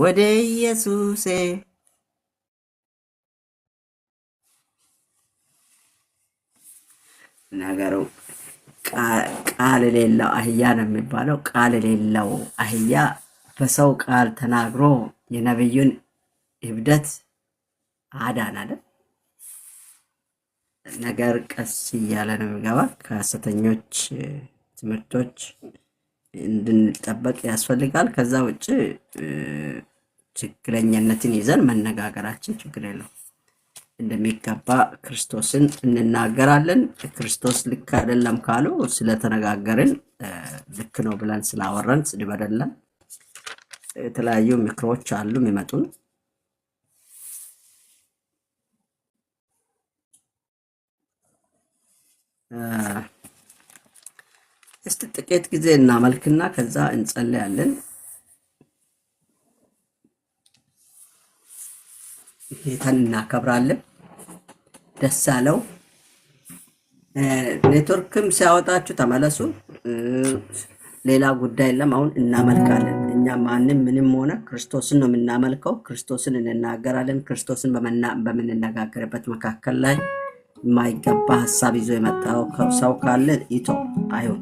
ወደ ኢየሱሴ ነገሩ ቃል ሌለው አህያ ነው የሚባለው። ቃል ሌለው አህያ በሰው ቃል ተናግሮ የነቢዩን እብደት አዳን አለ። ነገር ቀስ እያለ ነው የሚገባ ከሐሰተኞች ትምህርቶች እንድንጠበቅ ያስፈልጋል። ከዛ ውጭ ችግረኛነትን ይዘን መነጋገራችን ችግር የለው። እንደሚገባ ክርስቶስን እንናገራለን። ክርስቶስ ልክ አይደለም ካሉ ስለተነጋገርን ልክ ነው ብለን ስላወራን ስድብ አይደለም። የተለያዩ ምክሮች አሉ የሚመጡን እስቲ ጥቂት ጊዜ እናመልክና ከዛ እንጸለያለን። ጌታን እናከብራለን። ደስ አለው። ኔትወርክም ሲያወጣችሁ ተመለሱ። ሌላ ጉዳይ የለም። አሁን እናመልካለን። እኛ ማንም ምንም ሆነ ክርስቶስን ነው የምናመልከው። ክርስቶስን እንናገራለን። ክርስቶስን በምንነጋገርበት መካከል ላይ የማይገባ ሀሳብ ይዞ የመጣው ሰው ካለ ይቶ አይሆን።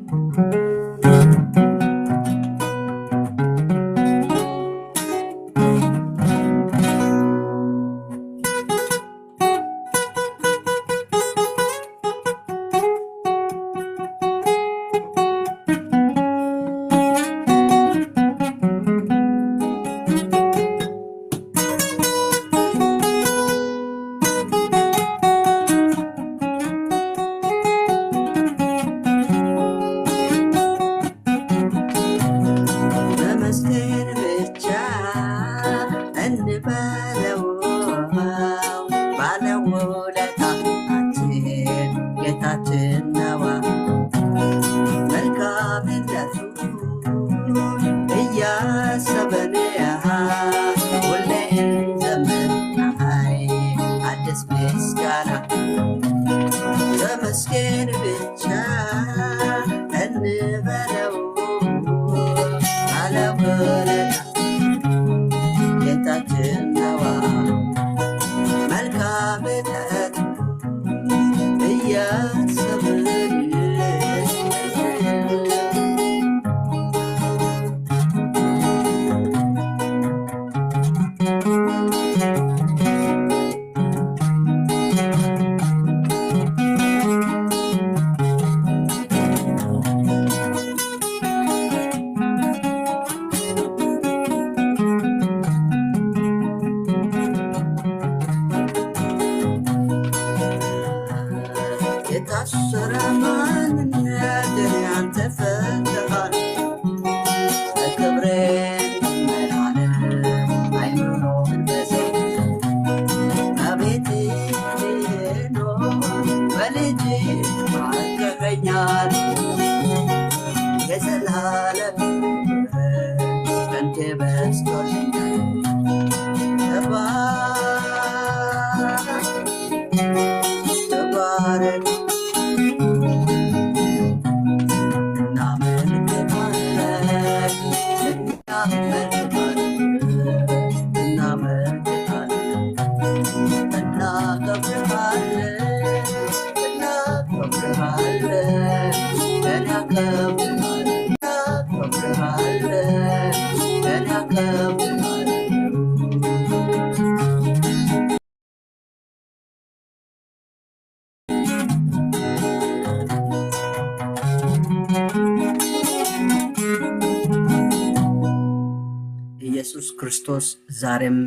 ዛሬም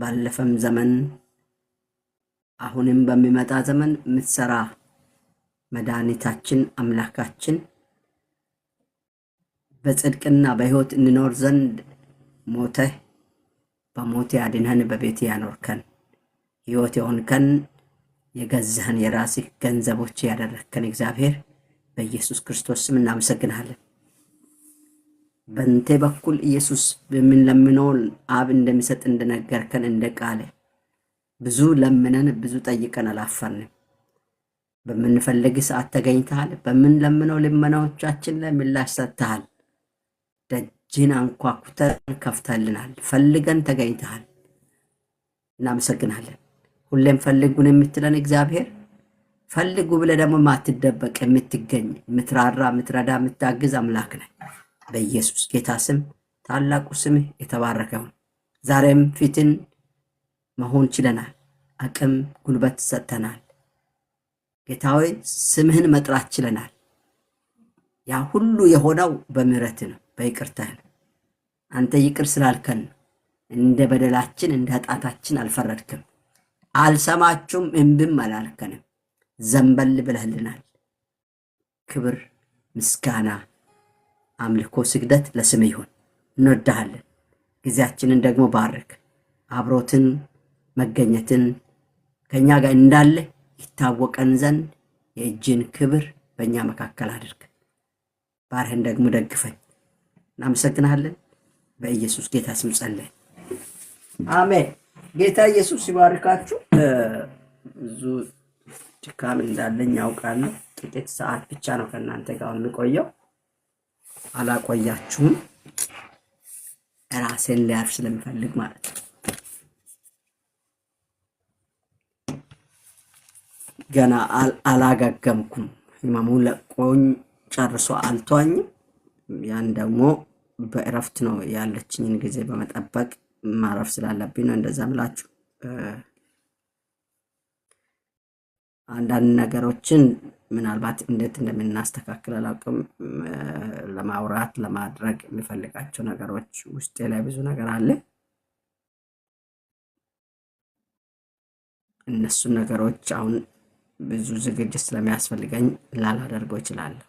ባለፈም ዘመን አሁንም በሚመጣ ዘመን የምትሰራ መድኃኒታችን አምላካችን በጽድቅና በሕይወት እንኖር ዘንድ ሞተህ በሞት ያድንህን በቤት ያኖርከን ሕይወት የሆንከን የገዛህን የራስህ ገንዘቦች ያደረግከን እግዚአብሔር በኢየሱስ ክርስቶስ ስም እናመሰግናለን። በንቴ በኩል ኢየሱስ የምንለምነውን አብ እንደሚሰጥ እንደነገርከን እንደ ቃለ ብዙ ለምነን ብዙ ጠይቀን አላፈርንም። በምንፈልግ ሰዓት ተገኝተሃል። በምንለምነው ልመናዎቻችን ላይ ምላሽ ሰጥተሃል። ደጅን አንኳኩተን ከፍተልናል። ፈልገን ተገኝተሃል። እናመሰግናለን። ሁሌም ፈልጉን የምትለን እግዚአብሔር ፈልጉ ብለህ ደግሞ ማትደበቅ የምትገኝ የምትራራ፣ የምትረዳ፣ የምታግዝ አምላክ ነህ። በኢየሱስ ጌታ ስም ታላቁ ስምህ የተባረከ ይሁን። ዛሬም ፊትን መሆን ችለናል። አቅም ጉልበት ሰጥተናል። ጌታዊ ስምህን መጥራት ችለናል። ያ ሁሉ የሆነው በምሕረት ነው፣ በይቅርታህ ነው። አንተ ይቅር ስላልከን እንደ በደላችን እንደ ኃጢአታችን አልፈረድክም። አልሰማችሁም እምብም አላልከንም። ዘንበል ብለህልናል። ክብር ምስጋና አምልኮ ስግደት ለስም ይሁን። እንወዳሃለን። ጊዜያችንን ደግሞ ባርክ። አብሮትን መገኘትን ከእኛ ጋር እንዳለ ይታወቀን ዘንድ የእጅን ክብር በእኛ መካከል አድርግ። ባርህን ደግሞ ደግፈን። እናመሰግናለን። በኢየሱስ ጌታ ስም ጸለይ። አሜን። ጌታ ኢየሱስ ይባርካችሁ። ብዙ ድካም እንዳለኝ ያውቃለሁ። ጥቂት ሰዓት ብቻ ነው ከእናንተ ጋር የሚቆየው አላቆያችሁም። ራሴን ሊያርፍ ስለምፈልግ ማለት ነው። ገና አላጋገምኩም። ህመሙ ለቆኝ ጨርሶ አልቷኝም። ያን ደግሞ በእረፍት ነው ያለችኝን ጊዜ በመጠበቅ ማረፍ ስላለብኝ ነው እንደዛ ምላችሁ አንዳንድ ነገሮችን ምናልባት እንዴት እንደምናስተካክል አላውቅም። ለማውራት ለማድረግ የሚፈልጋቸው ነገሮች ውስጤ ላይ ብዙ ነገር አለ። እነሱን ነገሮች አሁን ብዙ ዝግጅት ስለሚያስፈልገኝ ላላደርገው ይችላለሁ።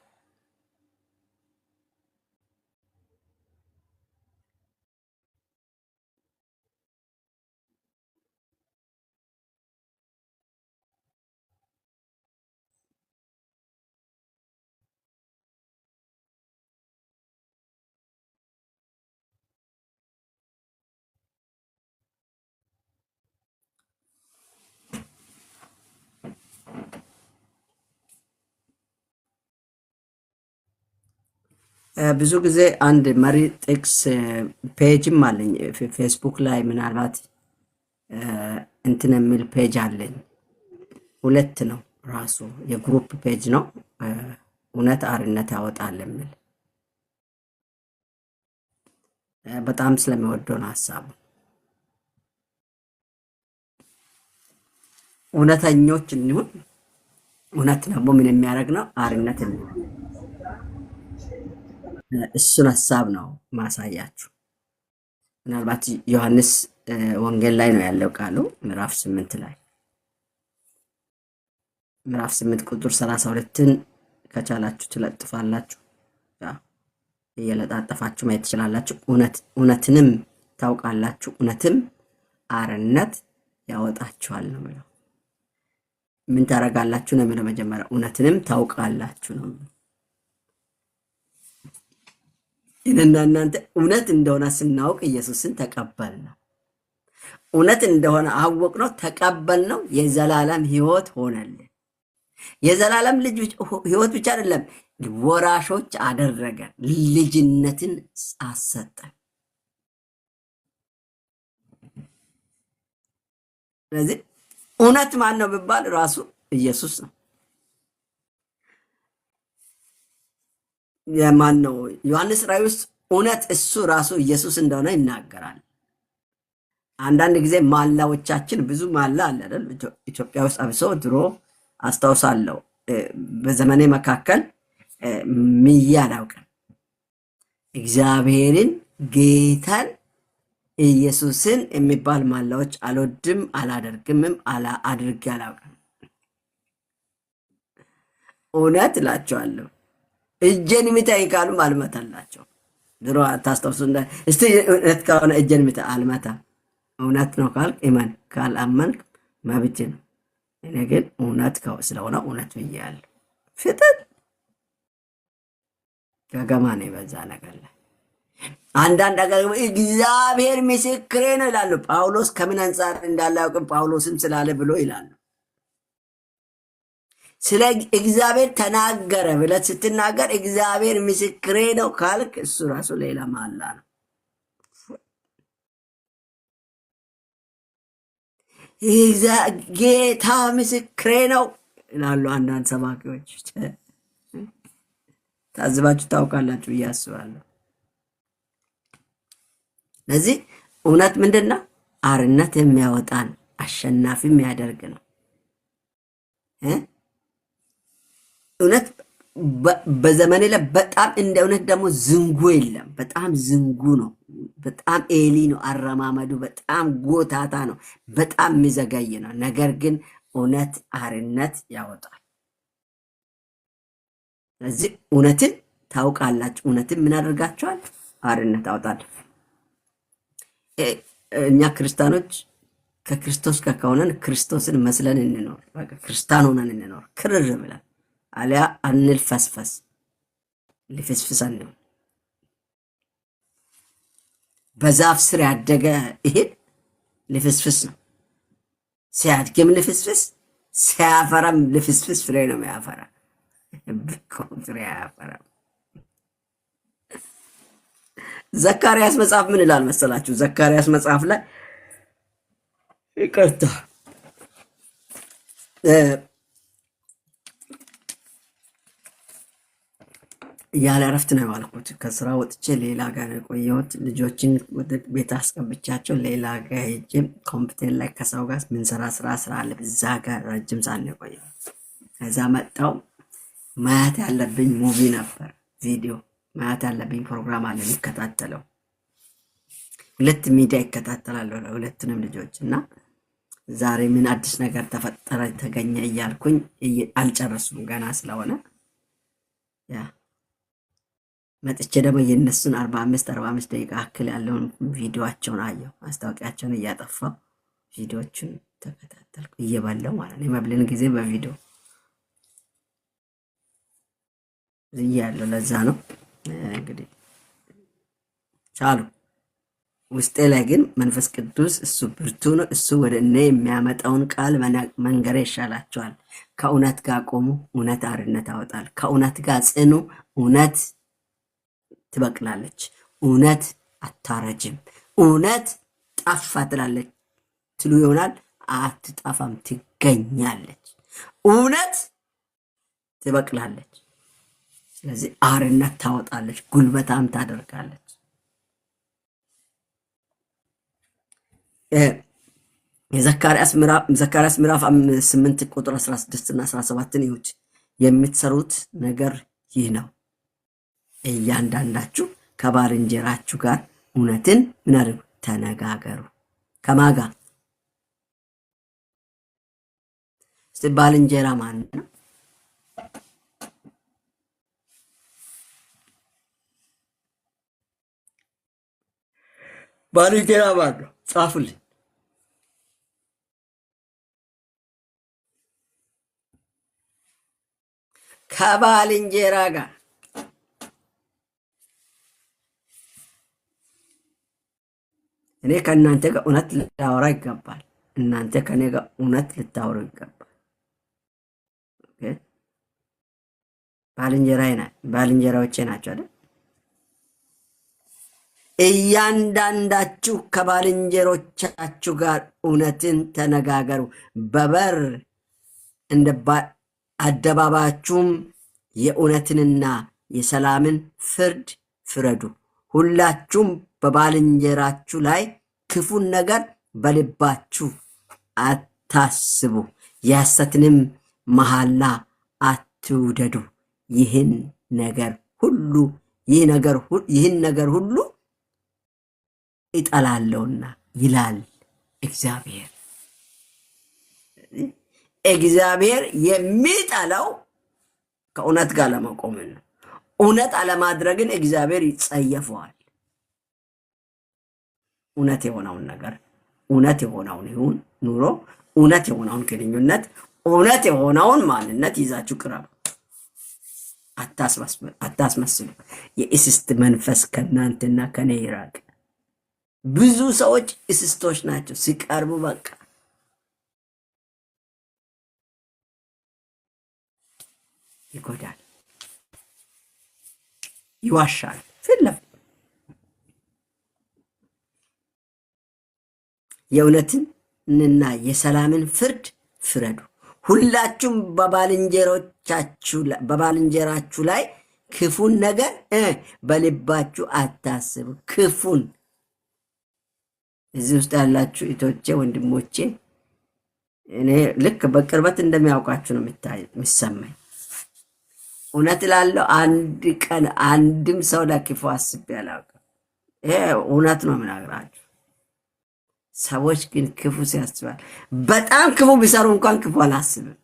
ብዙ ጊዜ አንድ መሪ ጥቅስ ፔጅም አለኝ ፌስቡክ ላይ ምናልባት እንትን የሚል ፔጅ አለኝ። ሁለት ነው ራሱ የግሩፕ ፔጅ ነው። እውነት አርነት ያወጣል የሚል በጣም ስለሚወደው ነው ሀሳቡ። እውነተኞች እንሁን። እውነት ደግሞ ምን የሚያደርግ ነው አርነት እሱን ሀሳብ ነው ማሳያችሁ። ምናልባት ዮሐንስ ወንጌል ላይ ነው ያለው ቃሉ ምዕራፍ ስምንት ላይ ምዕራፍ ስምንት ቁጥር ሰላሳ ሁለትን ከቻላችሁ ትለጥፋላችሁ እየለጣጠፋችሁ ማየት ትችላላችሁ። እውነትንም ታውቃላችሁ፣ እውነትም አርነት ያወጣችኋል ነው የሚለው። ምን ታደርጋላችሁ ነው የሚለው መጀመሪያ እውነትንም ታውቃላችሁ ነው እኔና እናንተ እውነት እንደሆነ ስናውቅ ኢየሱስን ተቀበል ነው። እውነት እንደሆነ አወቅ ነው፣ ተቀበል ነው። የዘላለም ህይወት ሆነልን። የዘላለም ልጅ ህይወት ብቻ አይደለም፣ ወራሾች አደረገ ልጅነትን አሰጠን። ስለዚህ እውነት ማን ነው ብባል ራሱ ኢየሱስ ነው። የማን ነው ዮሐንስ ራእይ ውስጥ እውነት እሱ ራሱ ኢየሱስ እንደሆነ ይናገራል። አንዳንድ ጊዜ ማላዎቻችን ብዙ ማላ አለ አይደል? ኢትዮጵያ ውስጥ አብሶ ድሮ አስታውሳለሁ በዘመኔ መካከል ምዬ አላውቅም። እግዚአብሔርን፣ ጌታን፣ ኢየሱስን የሚባል ማላዎች አልወድም፣ አላደርግምም፣ አድርጌ አላውቅም። እውነት እላቸዋለሁ እጄን ምታ ይቃሉም አልመታላቸው። ድሮ ታስታውሱ እስቲ እውነት ከሆነ እጄን ምታ አልመታ እውነት ነው ካልክ እመን፣ ካላመንክ መብት ነው። እኔ ግን እውነት ስለሆነ እውነት ብያለሁ። ፍጥን ገገማ ነው በዛ ነገር ላይ አንዳንድ ነገር እግዚአብሔር ምስክሬ ነው ይላሉ። ጳውሎስ ከምን አንጻር እንዳላውቅም ጳውሎስም ስላለ ብሎ ይላሉ። ስለ እግዚአብሔር ተናገረ ብለት ስትናገር እግዚአብሔር ምስክሬ ነው ካልክ እሱ ራሱ ሌላ ማላ ነው። ጌታ ምስክሬ ነው ይላሉ አንዳንድ ሰባኪዎች። ታዝባችሁ ታውቃላችሁ ብዬ አስባለሁ። ለዚህ እውነት ምንድን ነው? አርነት የሚያወጣን አሸናፊ የሚያደርግ ነው። እውነት በዘመኔ ላይ በጣም እንደ እውነት ደግሞ ዝንጉ የለም። በጣም ዝንጉ ነው። በጣም ኤሊ ነው። አረማመዱ በጣም ጎታታ ነው። በጣም የሚዘገይ ነው። ነገር ግን እውነት አርነት ያወጣል። ስለዚህ እውነትን ታውቃላችሁ። እውነትን ምን አድርጋችኋል? አርነት ያወጣል። እኛ ክርስቲያኖች ከክርስቶስ ከሆነን ክርስቶስን መስለን እንኖር። ክርስቲያን ሆነን እንኖር። ክርር ብለን አሊያ አንልፈስፈስ ልፍስፍሰን በዛፍ ስር ያደገ ይሄ ልፍስፍስ ነው። ሲያድግም ልፍስፍስ፣ ሲያፈራም ልፍስፍስ ፍሬ ነው ያፈራ ፍሬ አያፈራም። ዘካርያስ መጽሐፍ ምን ይላል መሰላችሁ? ዘካርያስ መጽሐፍ ላይ ይቅርታ ያለ እረፍት ነው የዋልኩት። ከስራ ወጥቼ ሌላ ጋር ነው የቆየሁት። ልጆችን ቤት አስቀብቻቸው ሌላ ጋር ሄጄ ኮምፒውተር ላይ ከሰው ጋር ምንሰራ ስራ ስራ አለ እዛ ጋር ረጅም ሳን ነው ከዛ መጣው ማየት ያለብኝ ሙቪ ነበር፣ ቪዲዮ ማየት ያለብኝ ፕሮግራም አለ የሚከታተለው። ሁለት ሚዲያ ይከታተላለሁ ለሁለቱንም ልጆች እና ዛሬ ምን አዲስ ነገር ተፈጠረ ተገኘ እያልኩኝ አልጨረሱም ገና ስለሆነ ያ መጥቼ ደግሞ የእነሱን አርባ አምስት አርባ አምስት ደቂቃ አክል ያለውን ቪዲዮቸውን አየሁ። ማስታወቂያቸውን እያጠፋው ቪዲዮቹን ተከታተልኩ እየበላው ማለት ነው። የመብልን ጊዜ በቪዲዮ ያለው ለዛ ነው እንግዲህ ቻሉ። ውስጤ ላይ ግን መንፈስ ቅዱስ እሱ ብርቱ ነው። እሱ ወደ እኔ የሚያመጣውን ቃል መንገር ይሻላቸዋል። ከእውነት ጋር ቆሙ፣ እውነት አርነት ያወጣል። ከእውነት ጋር ጽኑ፣ እውነት ትበቅላለች። እውነት አታረጅም። እውነት ጠፋ ትላለች ትሉ ይሆናል። አትጠፋም፣ ትገኛለች። እውነት ትበቅላለች። ስለዚህ አርነት ታወጣለች፣ ጉልበታም ታደርጋለች። የዘካርያስ ምዕራፍ ስምንት ቁጥር 16 እና 17 ይሁት የምትሰሩት ነገር ይህ ነው እያንዳንዳችሁ ከባልንጀራችሁ ጋር እውነትን ምን አድርጉ? ተነጋገሩ። ከማጋ እስቲ ባልንጀራ ማን ነው? ባልንጀራ ማን ነው? ጻፉልኝ። ከባልንጀራ ጋር እኔ ከእናንተ ጋር እውነት ልታወራ ይገባል። እናንተ ከእኔ ጋር እውነት ልታወሩ ይገባል። ባልንጀራዎቼ ናቸው አይደል? እያንዳንዳችሁ ከባልንጀሮቻችሁ ጋር እውነትን ተነጋገሩ። በበር እንደ አደባባያችሁም የእውነትንና የሰላምን ፍርድ ፍረዱ። ሁላችሁም በባልንጀራችሁ ላይ ክፉን ነገር በልባችሁ አታስቡ፣ የሐሰትንም መሐላ አትውደዱ። ይህን ነገር ሁሉ ይህን ነገር ሁሉ እጠላለሁና ይላል እግዚአብሔር። እግዚአብሔር የሚጠላው ከእውነት ጋር ለመቆምን ነው። እውነት አለማድረግን እግዚአብሔር ይጸየፈዋል። እውነት የሆነውን ነገር እውነት የሆነውን ይሁን ኑሮ እውነት የሆነውን ግንኙነት እውነት የሆነውን ማንነት ይዛችሁ ቅረብ። አታስመስሉ። የእስስት መንፈስ ከእናንተና ከኔ ይራቅ። ብዙ ሰዎች እስስቶች ናቸው። ሲቀርቡ በቃ ይጎዳል፣ ይዋሻል፣ ፊት የእውነትን እና የሰላምን ፍርድ ፍረዱ። ሁላችሁም በባልንጀራችሁ ላይ ክፉን ነገር በልባችሁ አታስቡ። ክፉን እዚህ ውስጥ ያላችሁ እህቶቼ፣ ወንድሞቼ እኔ ልክ በቅርበት እንደሚያውቃችሁ ነው የሚሰማኝ። እውነት ላለው አንድ ቀን አንድም ሰው ለክፉ አስቤ አላውቅም። ይሄ እውነት ነው የምናገራችሁ። ሰዎች ግን ክፉ ሲያስባል። በጣም ክፉ ቢሰሩ እንኳን ክፉ አላስብም።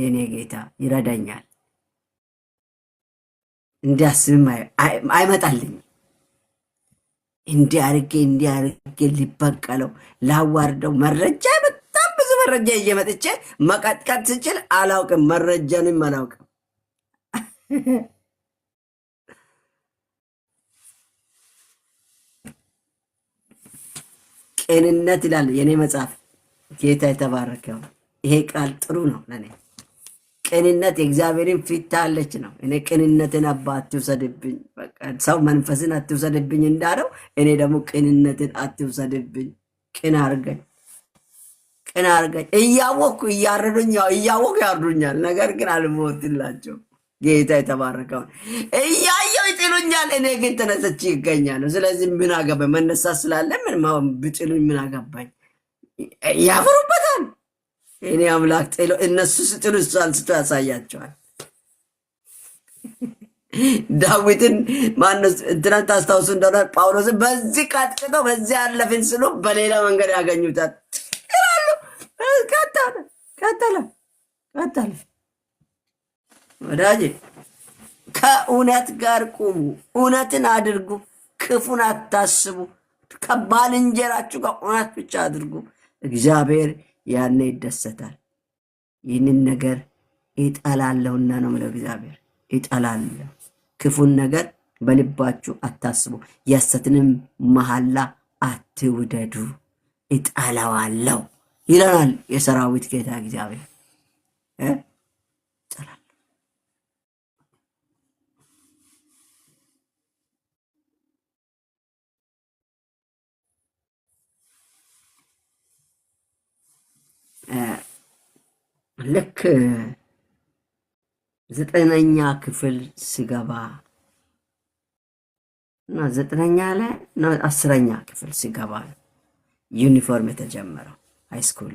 የእኔ ጌታ ይረዳኛል። እንዲያስብም አይመጣልኝም። እንዲህ አርጌ እንዲህ አርጌ ሊበቀለው ላዋርደው፣ መረጃ በጣም ብዙ መረጃ እየመጥቼ መቀጥቀጥ ስችል አላውቅም። መረጃንም አላውቅም። ቅንነት ይላል የኔ መጽሐፍ። ጌታ የተባረከው ይሄ ቃል ጥሩ ነው ለእኔ ቅንነት የእግዚአብሔርን ፊት አለች ነው። እኔ ቅንነትን አባ አትውሰድብኝ፣ ሰው መንፈስን አትውሰድብኝ እንዳለው እኔ ደግሞ ቅንነትን አትውሰድብኝ። ቅን አርገኝ፣ ቅን አርገኝ። እያወቅኩ እያረዱኝ፣ እያወቅኩ ያርዱኛል። ነገር ግን አልሞትላቸው። ጌታ የተባረከውን እያ ይሉኛል፣ እኔ ግን ተነስቼ ይገኛሉ። ስለዚህ ምን አገባኝ? መነሳት ስላለ ምን ብጥሉኝ ምን አገባኝ? ያፍሩበታል። እኔ አምላክ ጥሎ እነሱ ስጥሉ እሱ አንስቶ ያሳያቸዋል። ዳዊትን ማነስ እንትናን ታስታውሱ እንደሆነ ጳውሎስን በዚህ ቀጥቅጠው በዚህ አለፍን ስሎ በሌላ መንገድ ያገኙታል ይላሉ። ቀጠለ ቀጠለ ቀጠለ ወዳጄ ከእውነት ጋር ቁሙ፣ እውነትን አድርጉ፣ ክፉን አታስቡ። ከባልንጀራችሁ ጋር እውነት ብቻ አድርጉ። እግዚአብሔር ያነ ይደሰታል። ይህንን ነገር ይጠላለሁና ነው ምለው። እግዚአብሔር ይጠላለሁ። ክፉን ነገር በልባችሁ አታስቡ፣ የሐሰትንም መሐላ አትውደዱ፣ ይጠላዋለሁ ይለናል የሰራዊት ጌታ እግዚአብሔር። ልክ ዘጠነኛ ክፍል ስገባ እና ዘጠነኛ ላይ አስረኛ ክፍል ስገባ ዩኒፎርም የተጀመረው ሃይስኩል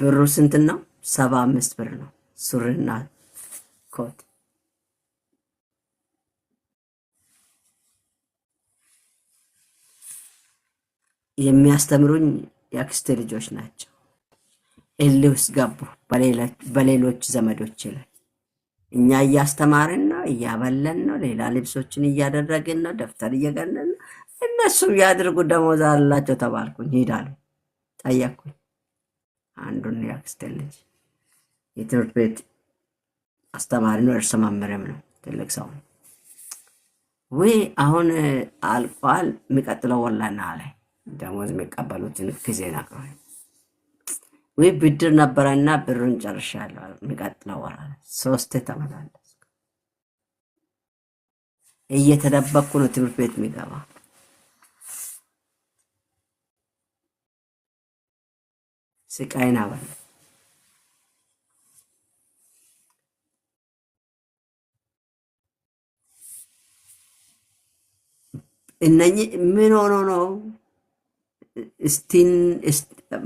ብሩ ስንት ነው? ሰባ አምስት ብር ነው ሱሪና ኮት የሚያስተምሩኝ የአክስቴ ልጆች ናቸው። እልህ ውስጥ ገቡ በሌሎች ዘመዶች ላይ። እኛ እያስተማርን ነው፣ እያበለን ነው፣ ሌላ ልብሶችን እያደረግን ነው፣ ደብተር እየገነን ነው። እነሱ ያድርጉ ደሞዝ አላቸው ተባልኩኝ። ሂዳሉ ጠየቅኩኝ። አንዱን የአክስቴ ልጅ የትምህርት ቤት አስተማሪ ነው፣ እርስ መምህርም ነው፣ ትልቅ ሰው ነው። ወይ አሁን አልቋል፣ የሚቀጥለው ወላና ላይ ደሞዝ የሚቀበሉትን ጊዜ ነግሮኝ ወይ ብድር ነበረና ብሩን ጨርሻለሁ። የሚቀጥለው ወራ ሶስቴ ተመላለስ እየተደበቅኩ ነው ትምህርት ቤት የሚገባ ስቃይን አበል እነኚህ ምን ሆኖ ነው? ስቲን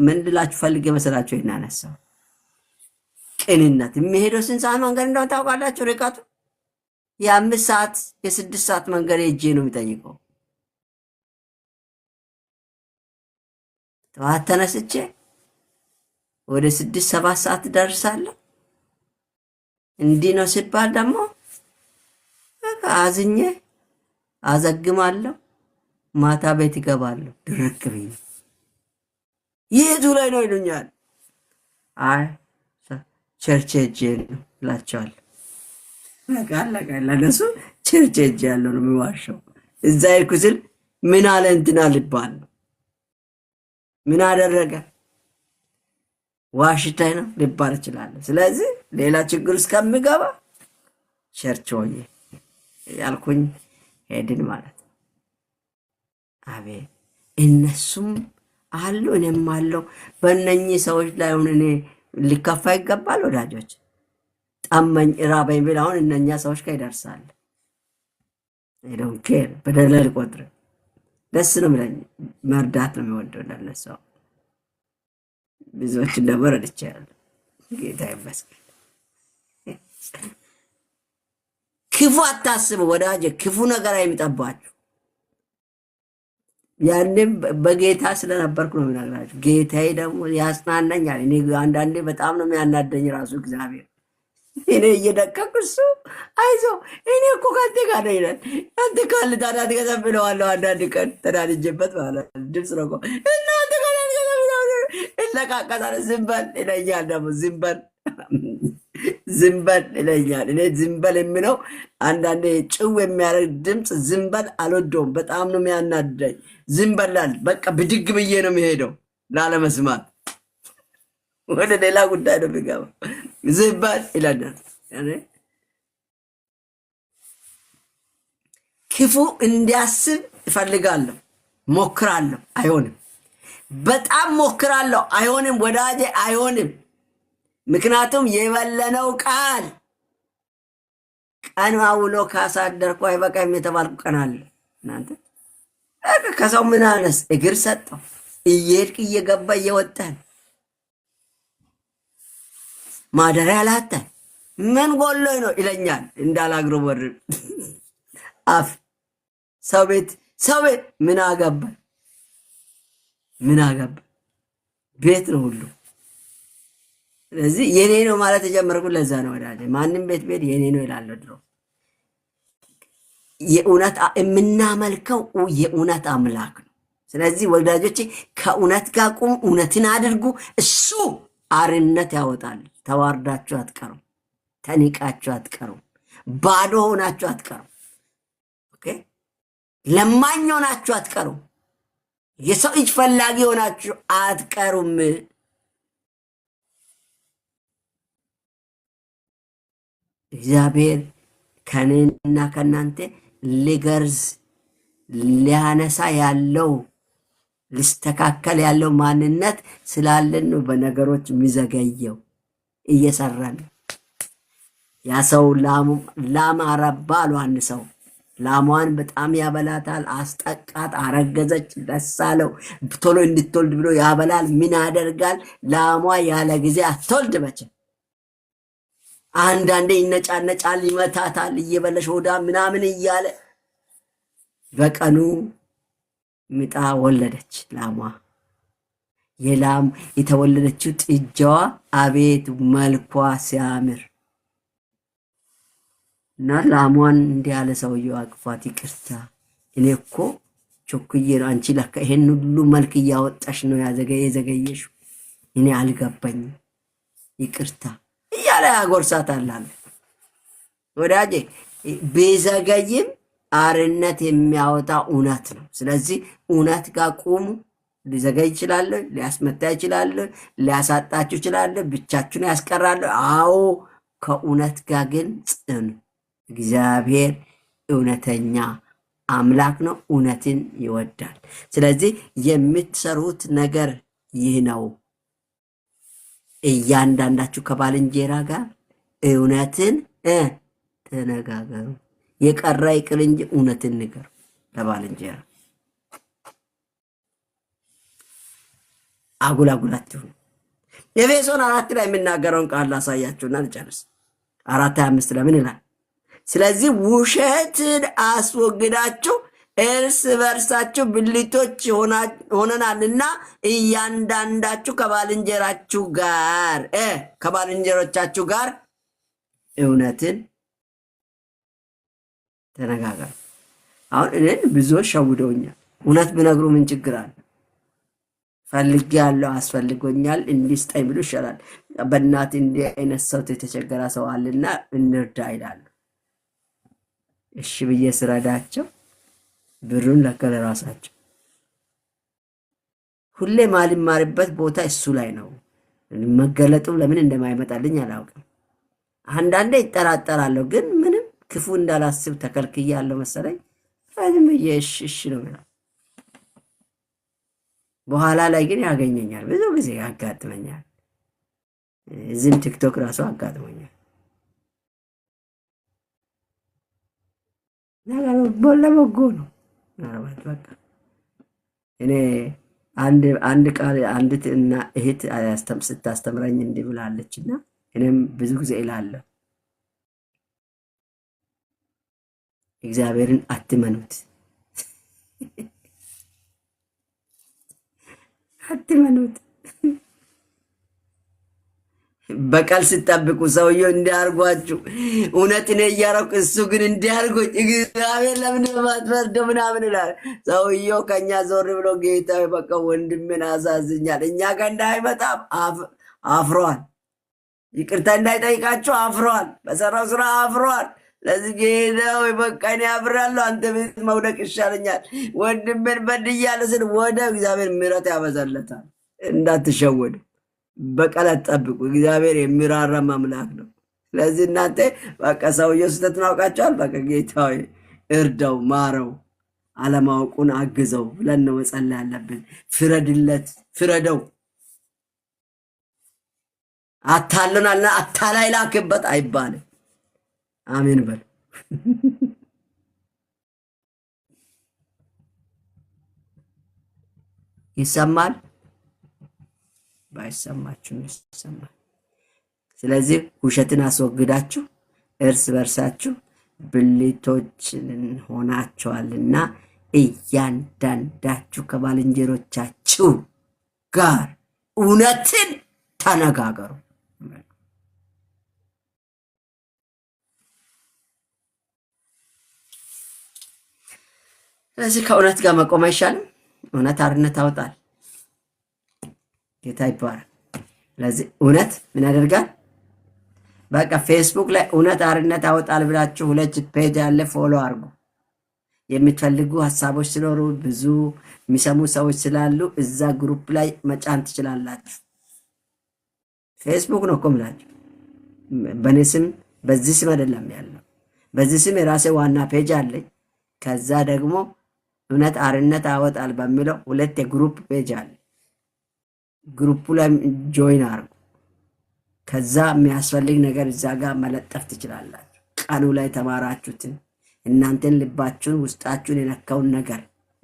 ምን ልላችሁ ፈልጌ መሰላችሁ? አነሳው ቅንነት የሚሄደው ስንት ሰዓት መንገድ እንደሆነ ታውቃላችሁ? ርቀቱ የአምስት ሰዓት የስድስት ሰዓት መንገድ ሄጄ ነው የሚጠይቀው። ጠዋት ተነስቼ ወደ ስድስት ሰባት ሰዓት ደርሳለሁ። እንዲህ ነው ሲባል ደግሞ አዝኜ አዘግማለሁ። ማታ ቤት ይገባለሁ ድርቅ ብዬ የቱ ላይ ነው ይሉኛል። አይ ቸርች ሄጄ እላቸዋለሁ። ለእነሱ ቸርች ሄጄ ያለው ነው የሚዋሸው። እዛ ሄድኩ ስል ምን አለ እንትና ልባል ነው ምን አደረገ ዋሽታይ ነው ልባል እችላለሁ። ስለዚህ ሌላ ችግር ውስጥ ቸርች ሆኜ ያልኩኝ ሄድን ማለት ነው። አቤት እነሱም አሉ እኔም አለው። በእነኚህ ሰዎች ላይ አሁን እኔ ሊከፋ ይገባል። ወዳጆች ጠመኝ ራበኝ ብል አሁን እነኛ ሰዎች ጋር ይደርሳል። ዶን ኬር በደለ ልቆጥር ደስ ነው ምለኝ መርዳት ነው የሚወደው ለነሰው ብዙዎች እንደመረድ ይቻላል። ጌታ ይመስገን። ክፉ አታስቡ ወዳጅ፣ ክፉ ነገር አይምጠባችሁ። ያንም በጌታ ስለነበርኩ ነው የሚነግራቸው። ጌታዬ ደግሞ ያጽናናኛል። እኔ አንዳንዴ በጣም ነው የሚያናደኝ ራሱ እግዚአብሔር። እኔ እየደቀቅ እሱ አይዞ እኔ እኮ ከንቴ ጋር ነኝ ይላል። አንተ ካል ታዳት ትገዛ ብለዋለሁ። አንዳንድ ቀን ተዳድጄበት ማለት ድምፅ ነው እኮ እናንተ ጋር ለቃቀሳለ ዝም በል ይለኛል ደግሞ ዝም በል ዝንበል ይለኛል። እኔ ዝንበል የሚለው አንዳንዴ ጭው የሚያደርግ ድምፅ ዝንበል አልወደውም። በጣም ነው የሚያናደኝ። ዝንበላል በቃ ብድግ ብዬ ነው የሚሄደው ላለመስማት። ወደ ሌላ ጉዳይ ነው የሚገባ። ዝንበል ይለናል። ክፉ እንዲያስብ እፈልጋለሁ፣ ሞክራለሁ፣ አይሆንም። በጣም ሞክራለሁ፣ አይሆንም። ወዳጄ አይሆንም። ምክንያቱም የበለነው ቃል ቀን አውሎ ካሳደርኩ አይበቃም የተባልኩ ቀን አለ። እናንተ ከሰው ምን አነስ እግር ሰጠው እየሄድክ እየገባ እየወጣን ማደሪያ ላተ ምን ጎሎኝ ነው ይለኛል። በር አፍ ሰው ቤት ሰው ቤት ምን አገባ ምን አገባ ቤት ነው ሁሉ ስለዚህ የኔ ነው ማለት የጀመርኩት ለዛ ነው። ወዳጄ ማንም ቤት ቤት የኔ ነው ይላል ድሮ። የእውነት የምናመልከው የእውነት አምላክ ነው። ስለዚህ ወዳጆቼ ከእውነት ጋር ቁም፣ እውነትን አድርጉ። እሱ አርነት ያወጣል። ተዋርዳችሁ አትቀሩም፣ ተኒቃችሁ አትቀሩም፣ ባዶ ሆናችሁ አትቀሩም፣ ለማኝ ሆናችሁ አትቀሩም፣ የሰው እጅ ፈላጊ ሆናችሁ አትቀሩም። እግዚአብሔር ከኔና ከእናንተ ሊገርዝ ሊያነሳ ያለው ሊስተካከል ያለው ማንነት ስላለን ነው። በነገሮች የሚዘገየው እየሰራን ያ ሰው ላም አረባ አሉ። አንድ ሰው ላሟን በጣም ያበላታል፣ አስጠቃት፣ አረገዘች፣ ደስ አለው። ቶሎ እንድትወልድ ብሎ ያበላል። ምን ያደርጋል? ላሟ ያለ ጊዜ አትወልድ መቼም አንዳንዴ ይነጫነጫል፣ ይመታታል፣ እየበለሽ ሆዳ ምናምን እያለ በቀኑ ምጣ ወለደች ላሟ። የላም የተወለደችው ጥጃዋ አቤት መልኳ ሲያምር እና ላሟን እንዲህ ያለ ሰውየው አቅፏት ይቅርታ እኔ እኮ ቾክዬ ነው። አንቺ ለካ ይሄን ሁሉ መልክ እያወጣሽ ነው የዘገየሽው። እኔ አልገባኝም፣ ይቅርታ እያለ ያጎርሳታል አለ። ወዳጄ ቢዘገይም አርነት የሚያወጣ እውነት ነው። ስለዚህ እውነት ጋር ቁሙ። ሊዘገይ ይችላል፣ ሊያስመታ ይችላል፣ ሊያሳጣችሁ ይችላል፣ ብቻችሁን ያስቀራል። አዎ ከእውነት ጋር ግን ጽኑ። እግዚአብሔር እውነተኛ አምላክ ነው፣ እውነትን ይወዳል። ስለዚህ የምትሰሩት ነገር ይህ ነው። እያንዳንዳችሁ ከባልንጀራ ጋር እውነትን ተነጋገሩ። የቀራ ይቅር እንጂ እውነትን ንገሩ ለባልንጀራ። አጉል አጉላችሁ ኤፌሶን አራት ላይ የሚናገረውን ቃል ላሳያችሁና ልጨርስ። አራት ሀያ አምስት ለምን ይላል? ስለዚህ ውሸትን አስወግዳችሁ እርስ በርሳችሁ ብልቶች ሆነናልና እያንዳንዳችሁ ከባልንጀራችሁ ጋር ከባልንጀሮቻችሁ ጋር እውነትን ተነጋገሩ። አሁን እኔን ብዙዎች ሸውደውኛል። እውነት ብነግሩ ምን ችግር አለ? ፈልግ ያለው አስፈልጎኛል እንዲስጠኝ ብሎ ይሻላል። በእናት እንዲህ አይነት ሰው የተቸገረ ሰው አለና እንርዳ ይላሉ። እሺ ብዬ ስረዳቸው ብሩን ለካ ለራሳቸው። ሁሌ ማልማርበት ቦታ እሱ ላይ ነው። መገለጡ ለምን እንደማይመጣልኝ አላውቅም። አንዳንዴ ይጠራጠራለሁ፣ ግን ምንም ክፉ እንዳላስብ ተከልክዬ ያለው መሰለኝ። ዝም ብዬ ነው በኋላ ላይ ግን ያገኘኛል፣ ብዙ ጊዜ ያጋጥመኛል። እዚህም ቲክቶክ ራሱ አጋጥሞኛል። ነገሩ ለበጎ ነው። ምናልባት በቃ እኔ አንድ ቃል አንዲት እና እህት ስታስተምረኝ እንዲህ ብላለች እና እኔም ብዙ ጊዜ እላለሁ እግዚአብሔርን አትመኑት አትመኑት። በቀል ስጠብቁ ሰውዬው እንዲያርጓችሁ እውነት እኔ እያረኩ እሱ ግን እንዲያርጎኝ እግዚአብሔር ለምን ማትፈርዶ ምናምን ይላል ሰውዬው። ከኛ ዞር ብሎ ጌታ በቃ ወንድምን አሳዝኛል፣ እኛ ጋ እንዳይመጣም አፍሯል። ይቅርታ እንዳይጠይቃቸው አፍሯል። በሰራው ስራ አፍሯል። ለዚህ ጌታ ወይ በቃ እኔ አፍራለሁ፣ አንተ ቤት መውደቅ ይሻለኛል፣ ወንድምን በድያለሁ ስል ወደ እግዚአብሔር ምሕረት ያበዛለታል። እንዳትሸወዱ። በቀላት ጠብቁ። እግዚአብሔር የሚራራ አምላክ ነው። ስለዚህ እናንተ በቃ ሰውየው ስህተቱን አውቃቸዋል። በቃ ጌታ እርዳው፣ ማረው፣ አለማወቁን አግዘው ብለን ነው መጸለይ ያለብን። ፍረድለት፣ ፍረደው። አታለናልና አታላይ ላክበት አይባልም። አሜን በል ይሰማል። ባይሰማችሁ ይሰማል። ስለዚህ ውሸትን አስወግዳችሁ እርስ በርሳችሁ ብልቶች ሆናችኋልና እያንዳንዳችሁ ከባልንጀሮቻችሁ ጋር እውነትን ተነጋገሩ። ስለዚህ ከእውነት ጋር መቆም አይሻልም? እውነት አርነት አውጣል። ጌታ ይባላል። ስለዚህ እውነት ምን ያደርጋል? በቃ ፌስቡክ ላይ እውነት አርነት አወጣል ብላችሁ ሁለት ፔጅ አለ፣ ፎሎ አርጉ። የሚፈልጉ ሀሳቦች ሲኖሩ ብዙ የሚሰሙ ሰዎች ስላሉ እዛ ግሩፕ ላይ መጫን ትችላላችሁ። ፌስቡክ ነው እኮ ምላችሁ። በእኔ ስም በዚህ ስም አይደለም ያለው፣ በዚህ ስም የራሴ ዋና ፔጅ አለኝ። ከዛ ደግሞ እውነት አርነት አወጣል በሚለው ሁለት የግሩፕ ፔጅ አለ። ግሩፑ ላይ ጆይን አርጉ። ከዛ የሚያስፈልግ ነገር እዛ ጋር መለጠፍ ትችላላችሁ። ቀኑ ላይ ተማራችሁትን እናንተን ልባችሁን ውስጣችሁን የነካውን ነገር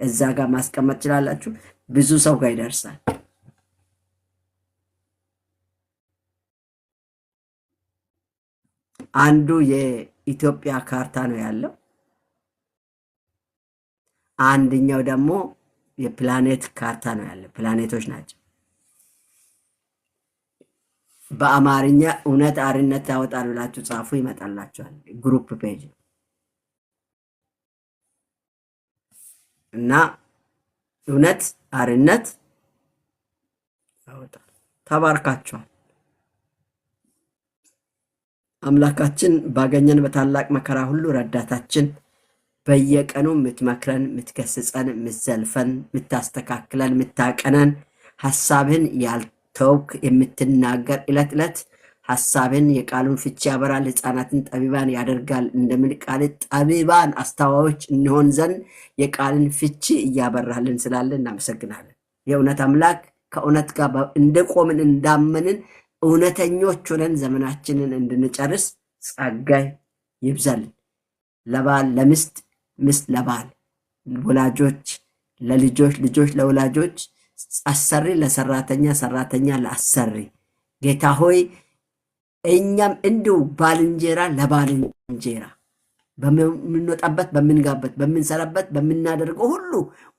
እዛ ጋር ማስቀመጥ ትችላላችሁ። ብዙ ሰው ጋር ይደርሳል። አንዱ የኢትዮጵያ ካርታ ነው ያለው፣ አንደኛው ደግሞ የፕላኔት ካርታ ነው ያለው። ፕላኔቶች ናቸው። በአማርኛ እውነት አርነት ያወጣል ብላችሁ ጻፉ፣ ይመጣላችኋል። ግሩፕ ፔጅ እና እውነት አርነት ያወጣል። ተባርካችኋል። አምላካችን ባገኘን በታላቅ መከራ ሁሉ ረዳታችን፣ በየቀኑ የምትመክረን፣ የምትገስጸን፣ የምትዘልፈን፣ የምታስተካክለን፣ የምታቀነን ሀሳብህን ያል ተውክ የምትናገር ዕለት ዕለት ሐሳብን የቃሉን ፍቺ ያበራል፣ ሕፃናትን ጠቢባን ያደርጋል። እንደምል ቃል ጠቢባን አስተዋዮች እንሆን ዘንድ የቃልን ፍቺ እያበራልን ስላለ እናመሰግናለን። የእውነት አምላክ ከእውነት ጋር እንደቆምን እንዳመንን እውነተኞች ሆነን ዘመናችንን እንድንጨርስ ጸጋይ ይብዛልን። ለባል ለምስት ምስት ለባል፣ ወላጆች ለልጆች፣ ልጆች ለወላጆች አሰሪ ለሰራተኛ፣ ሰራተኛ ለአሰሪ። ጌታ ሆይ እኛም እንዲሁ ባልንጀራ ለባልንጀራ በምንወጣበት፣ በምንጋበት፣ በምንሰራበት፣ በምናደርገው ሁሉ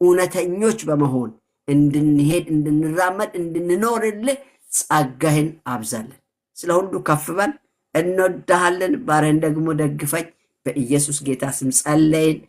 እውነተኞች በመሆን እንድንሄድ፣ እንድንራመድ፣ እንድንኖርልህ ጸጋህን አብዛለን። ስለ ሁሉ ከፍበን እንወዳሃለን። ባረን ደግሞ ደግፈኝ። በኢየሱስ ጌታ ስም ጸለይን።